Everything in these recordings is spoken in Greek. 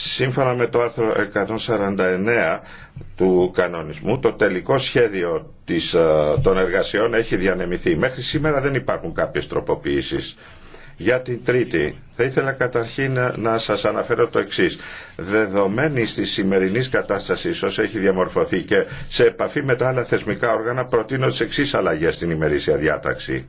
σύμφωνα με το άρθρο 149 του κανονισμού το τελικό σχέδιο της, ε, των εργασιών έχει διανεμηθεί. Μέχρι σήμερα δεν υπάρχουν κάποιες τροποποιήσεις. Για την Τρίτη, θα ήθελα καταρχήν να σας αναφέρω το εξής. Δεδομένη τη σημερινή κατάσταση όσο έχει διαμορφωθεί και σε επαφή με τα άλλα θεσμικά όργανα προτείνω τις εξής αλλαγές στην ημερήσια διάταξη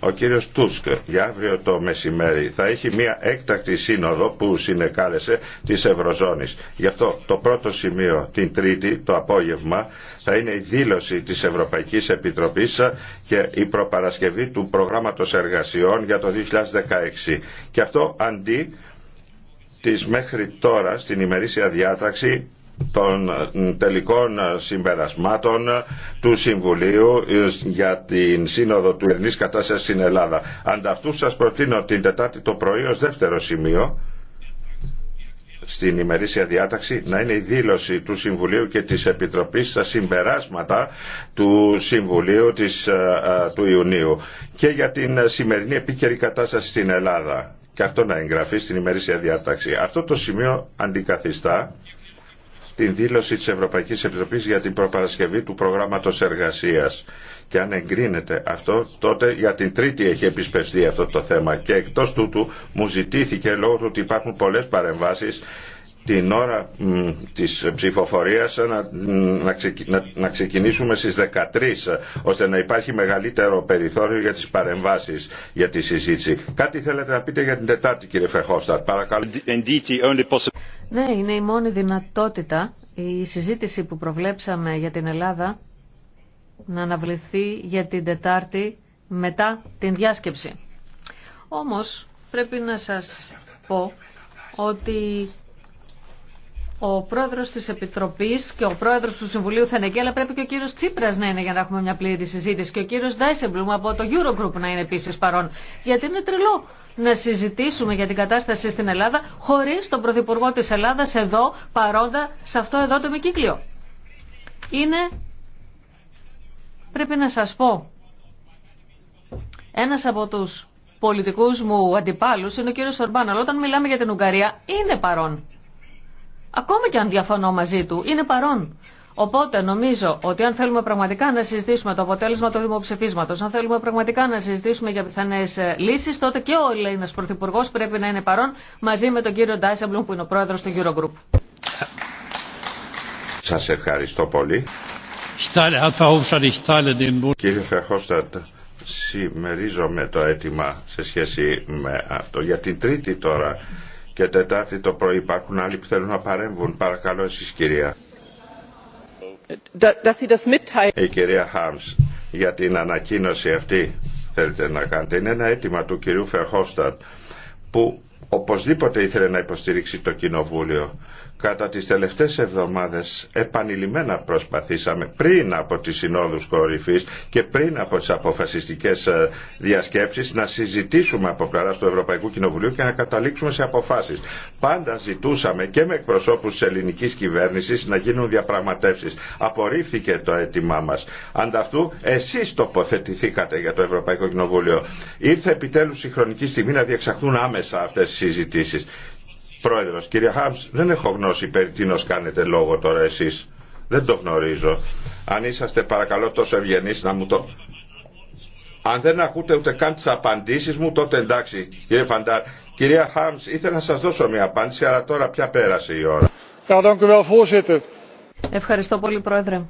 ο κύριος Τούσκ για αύριο το μεσημέρι θα έχει μια έκτακτη σύνοδο που συνεκάλεσε της Ευρωζώνης. Γι' αυτό το πρώτο σημείο την Τρίτη το απόγευμα θα είναι η δήλωση της Ευρωπαϊκής Επιτροπής και η προπαρασκευή του προγράμματος εργασιών για το 2016. Και αυτό αντί της μέχρι τώρα στην ημερήσια διάταξη των ε, τελικών ε, συμπερασμάτων ε, του Συμβουλίου για την Σύνοδο του Ελληνής Κατάστασης στην Ελλάδα. Ανταυτού σας προτείνω την Τετάρτη το πρωί ως δεύτερο σημείο στην ημερήσια διάταξη να είναι η δήλωση του Συμβουλίου και της Επιτροπής στα συμπεράσματα του Συμβουλίου της, του Ιουνίου και για την σημερινή επίκαιρη κατάσταση στην Ελλάδα. Και αυτό να εγγραφεί στην ημερήσια διάταξη. Αυτό το σημείο αντικαθιστά την δήλωση της Ευρωπαϊκής Επιτροπής για την προπαρασκευή του προγράμματος εργασίας. Και αν εγκρίνεται αυτό, τότε για την Τρίτη έχει επισπευστεί αυτό το θέμα. Και εκτός τούτου μου ζητήθηκε λόγω του ότι υπάρχουν πολλές παρεμβάσεις την ώρα της ψηφοφορίας να ξεκινήσουμε στις 13 ώστε να υπάρχει μεγαλύτερο περιθώριο για τις παρεμβάσεις για τη συζήτηση. Κάτι θέλετε να πείτε για την Τετάρτη κύριε Φεχόστατ. Παρακαλώ. Ναι, είναι η μόνη δυνατότητα η συζήτηση που προβλέψαμε για την Ελλάδα να αναβληθεί για την Τετάρτη μετά την διάσκεψη. Όμως πρέπει να σας πω ότι ο πρόεδρο τη Επιτροπή και ο πρόεδρο του Συμβουλίου θα είναι αλλά πρέπει και ο κύριο Τσίπρας να είναι για να έχουμε μια πλήρη συζήτηση και ο κύριο Ντάισεμπλουμ από το Eurogroup να είναι επίση παρόν. Γιατί είναι τρελό να συζητήσουμε για την κατάσταση στην Ελλάδα χωρί τον Πρωθυπουργό τη Ελλάδα εδώ παρόντα σε αυτό εδώ το μικύκλιο. Είναι, πρέπει να σας πω, ένας από τους πολιτικούς μου αντιπάλους είναι ο κύριος Ορμπάν, αλλά όταν μιλάμε για την Ουγγαρία είναι παρόν ακόμα και αν διαφωνώ μαζί του, είναι παρόν. Οπότε νομίζω ότι αν θέλουμε πραγματικά να συζητήσουμε το αποτέλεσμα του δημοψηφίσματο, αν θέλουμε πραγματικά να συζητήσουμε για πιθανέ ε, λύσει, τότε και ο Έλληνα Πρωθυπουργό πρέπει να είναι παρόν μαζί με τον κύριο Ντάισεμπλουμ που είναι ο πρόεδρο του Eurogroup. Σα ευχαριστώ πολύ. Κύριε Φερχόστατ, συμμερίζομαι το αίτημα σε σχέση με αυτό. Για την τρίτη τώρα και Τετάρτη το πρωί. Υπάρχουν άλλοι που θέλουν να παρέμβουν. Παρακαλώ εσείς κυρία. Η κυρία Χάμς για την ανακοίνωση αυτή θέλετε να κάνετε. Είναι ένα αίτημα του κυρίου Φερχόφστατ που οπωσδήποτε ήθελε να υποστηρίξει το Κοινοβούλιο Κατά τις τελευταίες εβδομάδες επανειλημμένα προσπαθήσαμε πριν από τις συνόδους κορυφής και πριν από τις αποφασιστικές ε, διασκέψεις να συζητήσουμε από πλευρά του Ευρωπαϊκού Κοινοβουλίου και να καταλήξουμε σε αποφάσεις. Πάντα ζητούσαμε και με εκπροσώπους της ελληνικής κυβέρνησης να γίνουν διαπραγματεύσεις. Απορρίφθηκε το αίτημά μας. Ανταυτού εσείς τοποθετηθήκατε για το Ευρωπαϊκό Κοινοβούλιο. Ήρθε επιτέλους η χρονική στιγμή να διεξαχθούν άμεσα αυτές οι συζητήσεις. Πρόεδρος, κυρία Χάμς, δεν έχω γνώση περί τίνος κάνετε λόγο τώρα εσείς. Δεν το γνωρίζω. Αν είσαστε παρακαλώ τόσο ευγενείς να μου το... Αν δεν ακούτε ούτε καν τις απαντήσεις μου, τότε εντάξει, κύριε Φαντάρ. Κυρία Χάμς, ήθελα να σας δώσω μια απάντηση, αλλά τώρα πια πέρασε η ώρα. Ευχαριστώ πολύ, Πρόεδρε.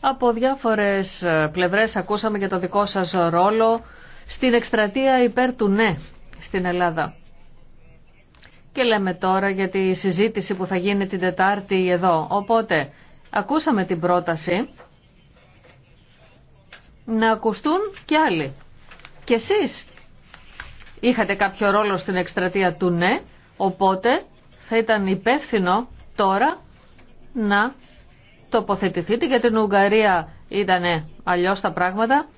Από διάφορες πλευρές ακούσαμε για το δικό σας ρόλο στην εκστρατεία υπέρ του ναι στην Ελλάδα. Και λέμε τώρα για τη συζήτηση που θα γίνει την Τετάρτη εδώ. Οπότε, ακούσαμε την πρόταση να ακουστούν και άλλοι. Και εσείς είχατε κάποιο ρόλο στην εκστρατεία του ναι, οπότε θα ήταν υπεύθυνο τώρα να τοποθετηθείτε για την Ουγγαρία ήτανε αλλιώς τα πράγματα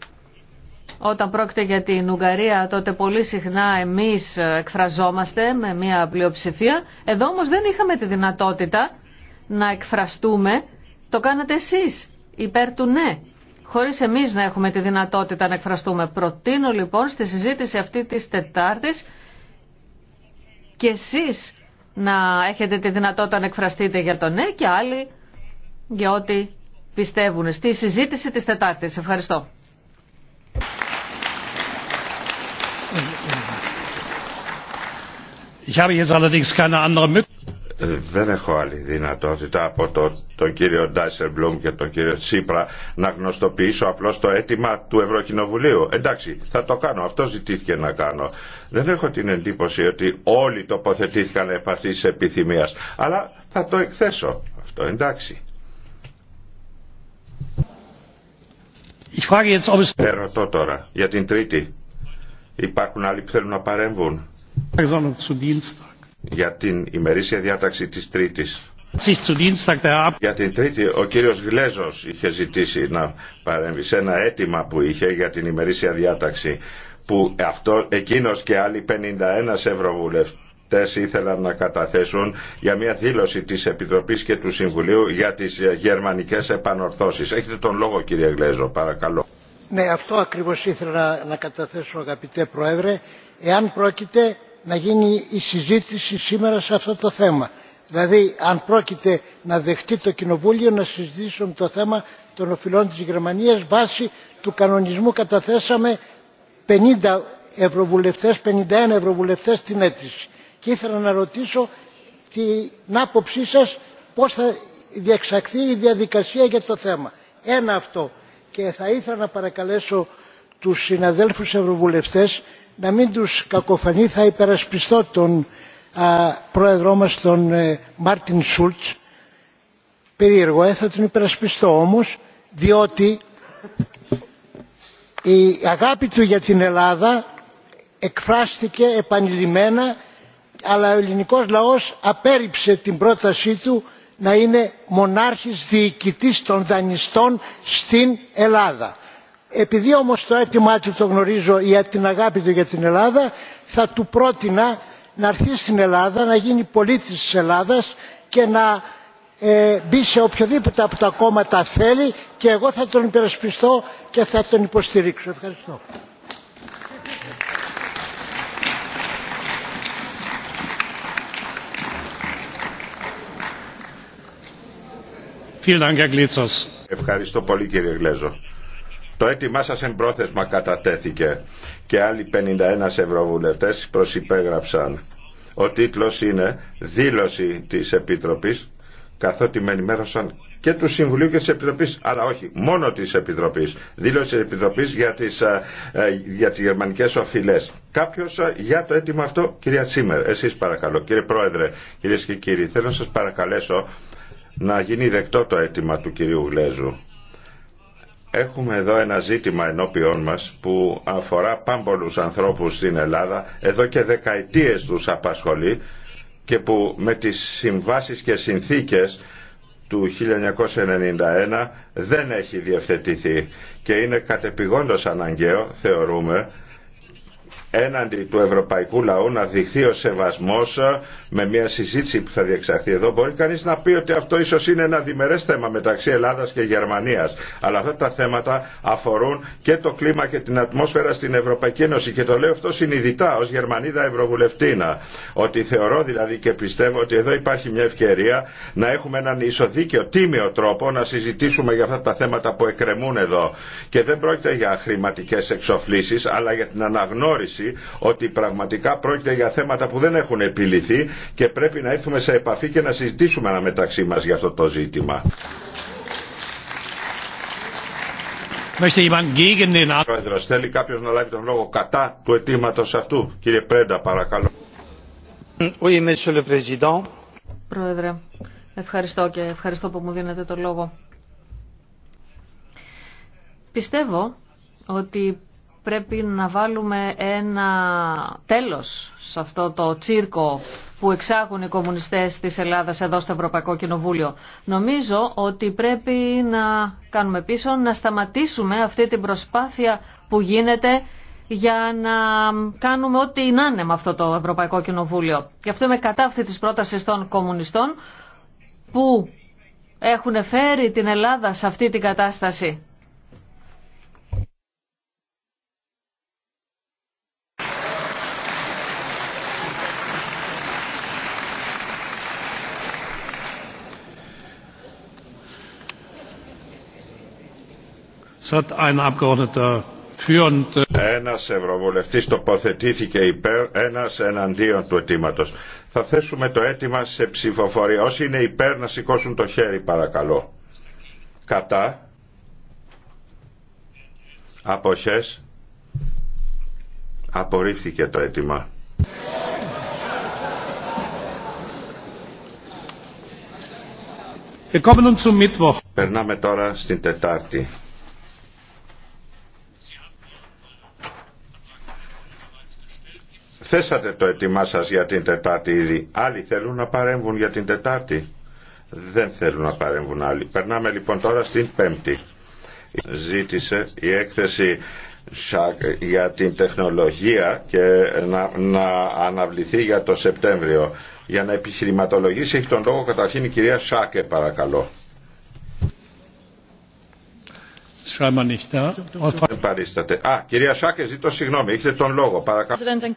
όταν πρόκειται για την Ουγγαρία τότε πολύ συχνά εμείς εκφραζόμαστε με μια πλειοψηφία. Εδώ όμω δεν είχαμε τη δυνατότητα να εκφραστούμε. Το κάνατε εσείς υπέρ του ναι χωρίς εμείς να έχουμε τη δυνατότητα να εκφραστούμε. Προτείνω λοιπόν στη συζήτηση αυτή της Τετάρτης και εσείς να έχετε τη δυνατότητα να εκφραστείτε για το ναι και άλλοι για ό,τι πιστεύουν στη συζήτηση της Τετάρτης. Ευχαριστώ. Ε, δεν έχω άλλη δυνατότητα από τον κύριο Ντάισερμπλουμ και τον κύριο Τσίπρα να γνωστοποιήσω απλώς το αίτημα του Ευρωκοινοβουλίου. Εντάξει, θα το κάνω. Αυτό ζητήθηκε να κάνω. Δεν έχω την εντύπωση ότι όλοι τοποθετήθηκαν επ' αυτής της επιθυμίας. Αλλά θα το εκθέσω. Αυτό εντάξει. Ερωτώ τώρα για την τρίτη. Υπάρχουν άλλοι που θέλουν να παρέμβουν. Για την ημερήσια διάταξη της Τρίτης. Για την Τρίτη, ο κύριος Γλέζος είχε ζητήσει να παρέμβει σε ένα αίτημα που είχε για την ημερήσια διάταξη που αυτό, εκείνος και άλλοι 51 ευρωβουλευτές ήθελαν να καταθέσουν για μια δήλωση της Επιτροπής και του Συμβουλίου για τις γερμανικές επανορθώσεις. Έχετε τον λόγο κύριε Γλέζο, παρακαλώ. Ναι, αυτό ακριβώς ήθελα να καταθέσω αγαπητέ Πρόεδρε. Εάν πρόκειται να γίνει η συζήτηση σήμερα σε αυτό το θέμα. Δηλαδή, αν πρόκειται να δεχτεί το Κοινοβούλιο να συζητήσουμε το θέμα των οφειλών της Γερμανίας βάσει του κανονισμού καταθέσαμε 50 ευρωβουλευτές, 51 ευρωβουλευτές την αίτηση. Και ήθελα να ρωτήσω την άποψή σας πώς θα διεξαχθεί η διαδικασία για το θέμα. Ένα αυτό. Και θα ήθελα να παρακαλέσω τους συναδέλφους ευρωβουλευτές να μην τους κακοφανεί θα υπερασπιστώ τον α, πρόεδρό μας τον ε, Μάρτιν Σούλτς περίεργο ε, θα τον υπερασπιστώ όμως διότι η αγάπη του για την Ελλάδα εκφράστηκε επανειλημμένα αλλά ο ελληνικός λαός απέρριψε την πρότασή του να είναι μονάρχης διοικητής των δανειστών στην Ελλάδα. Επειδή όμως το αίτημά του το γνωρίζω για την αγάπη του για την Ελλάδα, θα του πρότεινα να έρθει στην Ελλάδα, να γίνει πολίτης της Ελλάδας και να ε, μπει σε οποιοδήποτε από τα κόμματα θέλει και εγώ θα τον υπερασπιστώ και θα τον υποστηρίξω. Ευχαριστώ. Ευχαριστώ πολύ κύριε Γλέζο. Το αίτημά σας εμπρόθεσμα κατατέθηκε και άλλοι 51 ευρωβουλευτές προσυπέγραψαν. Ο τίτλος είναι «Δήλωση της Επιτροπής» καθότι με ενημέρωσαν και του Συμβουλίου και τη Επιτροπή, αλλά όχι, μόνο της Επιτροπής, Δήλωση της Επιτροπής για τι ε, ε, για τις γερμανικέ οφειλέ. Κάποιο ε, για το αίτημα αυτό, κυρία Τσίμερ, εσείς παρακαλώ. Κύριε Πρόεδρε, κυρίε και κύριοι, θέλω να σα παρακαλέσω να γίνει δεκτό το αίτημα του κυρίου Γλέζου. Έχουμε εδώ ένα ζήτημα ενώπιόν μας που αφορά πάμπολους ανθρώπους στην Ελλάδα, εδώ και δεκαετίες τους απασχολεί και που με τις συμβάσεις και συνθήκες του 1991 δεν έχει διευθετηθεί και είναι κατεπηγόντως αναγκαίο, θεωρούμε, έναντι του ευρωπαϊκού λαού να δειχθεί ο σεβασμός ε, με μια συζήτηση που θα διεξαχθεί εδώ. Μπορεί κανείς να πει ότι αυτό ίσως είναι ένα διμερές θέμα μεταξύ Ελλάδας και Γερμανίας. Αλλά αυτά τα θέματα αφορούν και το κλίμα και την ατμόσφαιρα στην Ευρωπαϊκή Ένωση. Και το λέω αυτό συνειδητά ως Γερμανίδα Ευρωβουλευτήνα. Ότι θεωρώ δηλαδή και πιστεύω ότι εδώ υπάρχει μια ευκαιρία να έχουμε έναν ισοδίκαιο, τίμιο τρόπο να συζητήσουμε για αυτά τα θέματα που εκκρεμούν εδώ. Και δεν πρόκειται για χρηματικές εξοφλήσεις, αλλά για την αναγνώριση ότι πραγματικά πρόκειται για θέματα που δεν έχουν επιληθεί και πρέπει να έρθουμε σε επαφή και να συζητήσουμε ανάμεταξύ μεταξύ μας για αυτό το ζήτημα. Πρόεδρος, θέλει κάποιος να λάβει τον λόγο κατά του αιτήματο αυτού. Κύριε Πρέντα, παρακαλώ. Oui, monsieur le président. Πρόεδρε, ευχαριστώ και ευχαριστώ που μου δίνετε το λόγο. Πιστεύω ότι πρέπει να βάλουμε ένα τέλος σε αυτό το τσίρκο που εξάγουν οι κομμουνιστές της Ελλάδας εδώ στο Ευρωπαϊκό Κοινοβούλιο. Νομίζω ότι πρέπει να κάνουμε πίσω, να σταματήσουμε αυτή την προσπάθεια που γίνεται για να κάνουμε ό,τι να είναι με αυτό το Ευρωπαϊκό Κοινοβούλιο. Γι' αυτό είμαι κατά αυτή της πρότασης των κομμουνιστών που έχουν φέρει την Ελλάδα σε αυτή την κατάσταση Äh, ένας Ευρωβουλευτής τοποθετήθηκε υπέρ, ένας εναντίον του αιτήματο. Θα θέσουμε το αίτημα σε ψηφοφορία. Όσοι είναι υπέρ να σηκώσουν το χέρι παρακαλώ. Κατά. Αποχές. Απορρίφθηκε το αίτημα. Περνάμε τώρα στην Τετάρτη. Θέσατε το έτοιμά σας για την Τετάρτη ήδη. Άλλοι θέλουν να παρέμβουν για την Τετάρτη. Δεν θέλουν να παρέμβουν άλλοι. Περνάμε λοιπόν τώρα στην Πέμπτη. Ζήτησε η έκθεση για την τεχνολογία και να, να αναβληθεί για το Σεπτέμβριο. Για να επιχειρηματολογήσει έχει τον λόγο καταρχήν η κυρία Σάκε παρακαλώ. Α, κυρία συγγνώμη. Έχετε τον λόγο, um,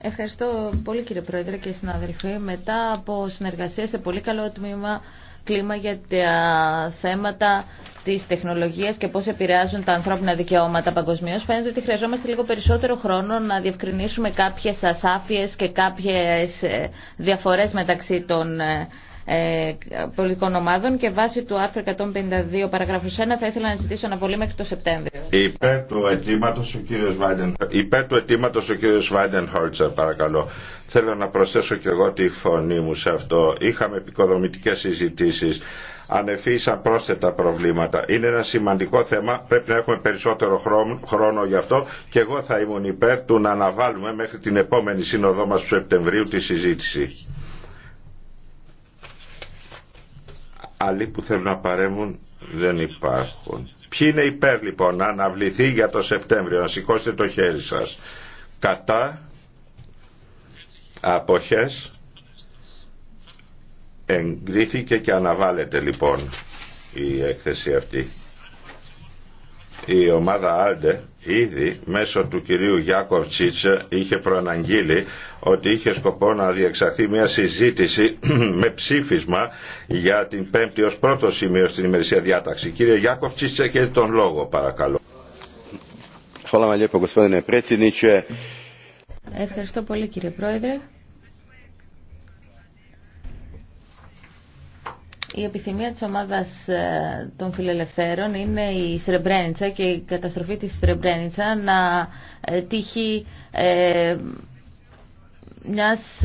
Ευχαριστώ πολύ κύριε Πρόεδρε και συναδελφοί. Μετά από συνεργασία σε πολύ καλό τμήμα κλίμα για τα θέματα τη τεχνολογία και πώ επηρεάζουν τα ανθρώπινα δικαιώματα παγκοσμίω, φαίνεται ότι χρειαζόμαστε λίγο περισσότερο χρόνο να διευκρινίσουμε κάποιε ασάφειε και κάποιε διαφορέ μεταξύ των ε, ε, πολιτικών ομάδων και βάσει του άρθρου 152 παραγράφου 1 θα ήθελα να ζητήσω να αναβολή μέχρι το Σεπτέμβριο. Υπέρ του αιτήματο ο κύριο Βάιντεν, υπέρ παρακαλώ. Θέλω να προσθέσω και εγώ τη φωνή μου σε αυτό. Είχαμε επικοδομητικέ συζητήσεις ανεφίσαν πρόσθετα προβλήματα. Είναι ένα σημαντικό θέμα, πρέπει να έχουμε περισσότερο χρόνο γι' αυτό και εγώ θα ήμουν υπέρ του να αναβάλουμε μέχρι την επόμενη σύνοδό μα του Σεπτεμβρίου τη συζήτηση. Άλλοι που θέλουν να παρέμουν δεν υπάρχουν. Ποιοι είναι υπέρ λοιπόν να αναβληθεί για το Σεπτέμβριο, να σηκώσετε το χέρι σας. Κατά αποχές εγκρίθηκε και αναβάλλεται λοιπόν η έκθεση αυτή η ομάδα Άλντε ήδη μέσω του κυρίου Γιάκοβ είχε προαναγγείλει ότι είχε σκοπό να διεξαχθεί μια συζήτηση με ψήφισμα για την πέμπτη ως πρώτο σημείο στην ημερησία διάταξη. Κύριε Γιάκοβ και τον λόγο παρακαλώ. Ευχαριστώ πολύ κύριε Πρόεδρε. Η επιθυμία της ομάδας ε, των φιλελευθέρων είναι η Σρεμπρένιτσα και η καταστροφή της Σρεμπρένιτσα να ε, τύχει ε, μιας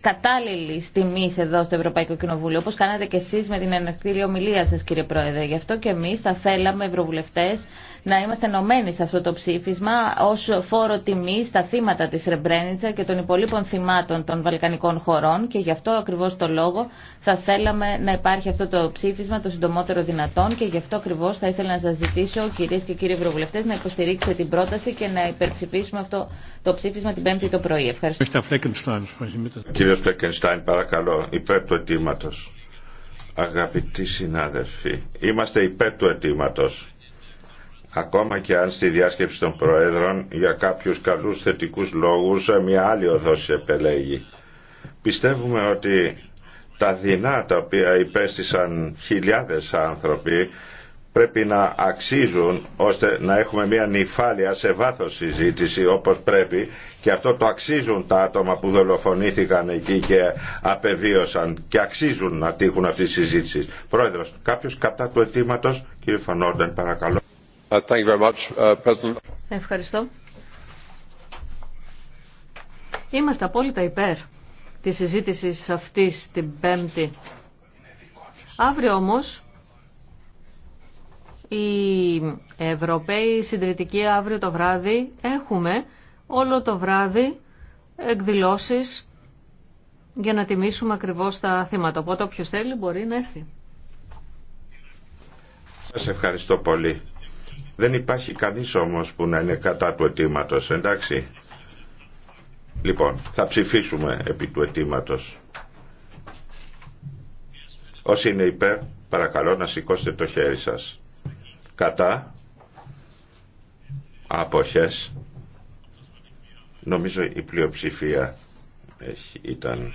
κατάλληλη τιμή εδώ στο Ευρωπαϊκό Κοινοβούλιο, Όπω κάνατε και εσεί με την ενεκτήρια ομιλία σα, κύριε Πρόεδρε. Γι' αυτό και εμεί θα θέλαμε ευρωβουλευτέ να είμαστε ενωμένοι σε αυτό το ψήφισμα ω φόρο τιμή στα θύματα τη Ρεμπρένιτσα και των υπολείπων θυμάτων των Βαλκανικών χωρών και γι' αυτό ακριβώ το λόγο θα θέλαμε να υπάρχει αυτό το ψήφισμα το συντομότερο δυνατόν και γι' αυτό ακριβώ θα ήθελα να σα ζητήσω κυρίε και κύριοι ευρωβουλευτέ, να υποστηρίξετε την πρόταση και να υπερψηφίσουμε αυτό το ψήφισμα την Πέμπτη το πρωί. Ευχαριστώ. Κύριος Πλέκενστάιν, παρακαλώ υπέρ του αιτήματο. Αγαπητοί συνάδελφοι, είμαστε υπέρ του αιτήματο. Ακόμα και αν στη διάσκεψη των Προέδρων για κάποιους καλούς θετικούς λόγους μια άλλη οδός επελέγει. Πιστεύουμε ότι τα δεινά τα οποία υπέστησαν χιλιάδες άνθρωποι πρέπει να αξίζουν ώστε να έχουμε μια νυφάλια σε βάθος συζήτηση όπως πρέπει και αυτό το αξίζουν τα άτομα που δολοφονήθηκαν εκεί και απεβίωσαν και αξίζουν να τύχουν αυτή τη συζήτηση. Πρόεδρος, κάποιος κατά του αιτήματο, κύριε Φανόρντεν παρακαλώ. Uh, thank you very much, uh, President. Ευχαριστώ. Είμαστε απόλυτα υπέρ της συζήτησης αυτής την Πέμπτη. Αύριο όμως οι Ευρωπαίοι συντηρητικοί αύριο το βράδυ έχουμε όλο το βράδυ εκδηλώσεις για να τιμήσουμε ακριβώς τα θύματα. Οπότε όποιο θέλει μπορεί να έρθει. Σας ευχαριστώ πολύ. Δεν υπάρχει κανείς όμως που να είναι κατά του αιτήματο, εντάξει. Λοιπόν, θα ψηφίσουμε επί του αιτήματο. Όσοι είναι υπέρ, παρακαλώ να σηκώσετε το χέρι σας κατά άποχες νομίζω η πλειοψηφία ήταν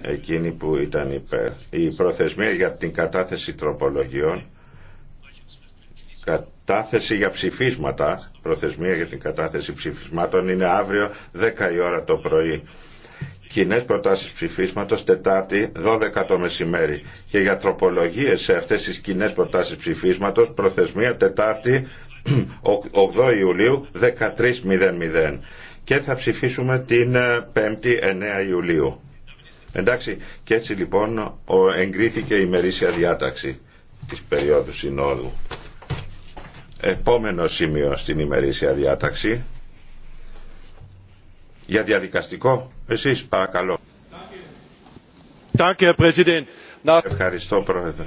εκείνη που ήταν υπέρ η προθεσμία για την κατάθεση τροπολογιών κατάθεση για ψηφίσματα προθεσμία για την κατάθεση ψηφισμάτων είναι αύριο 10 η ώρα το πρωί Κοινέ προτάσει ψηφίσματο Τετάρτη 12 το μεσημέρι. Και για τροπολογίε σε αυτέ τι κοινέ προτάσει ψηφίσματος προθεσμία Τετάρτη 8 Ιουλίου 13.00. Και θα ψηφίσουμε την 5η ε, 9 Ιουλίου. Εντάξει, και έτσι λοιπόν εγκρίθηκε η μερίσια διάταξη της περίοδου συνόδου. Επόμενο σημείο στην ημερήσια διάταξη. Για διαδικαστικό, εσείς παρακαλώ. Ευχαριστώ Πρόεδρε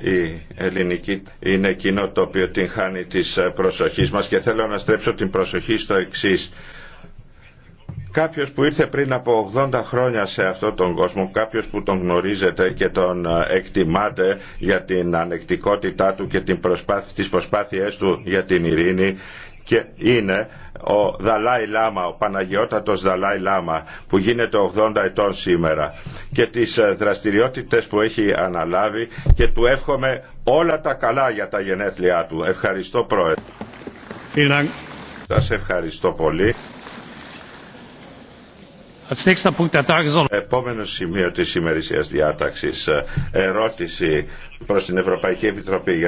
η ελληνική είναι εκείνο το οποίο την χάνει της ε, προσοχής μας και θέλω να στρέψω την προσοχή στο εξής. Κάποιος που ήρθε πριν από 80 χρόνια σε αυτόν τον κόσμο, κάποιος που τον γνωρίζετε και τον ε, εκτιμάτε για την ανεκτικότητά του και την προσπάθη, τις προσπάθειές του για την ειρήνη και είναι ο Δαλάι Λάμα, ο Παναγιώτατος Δαλάι Λάμα που γίνεται 80 ετών σήμερα και τις ε, δραστηριότητες που έχει αναλάβει και του εύχομαι όλα τα καλά για τα γενέθλιά του. Ευχαριστώ Πρόεδρε. Σας ευχαριστώ πολύ. Επόμενο σημείο της ημερησίας διάταξης, ε, ερώτηση προς την Ευρωπαϊκή Επιτροπή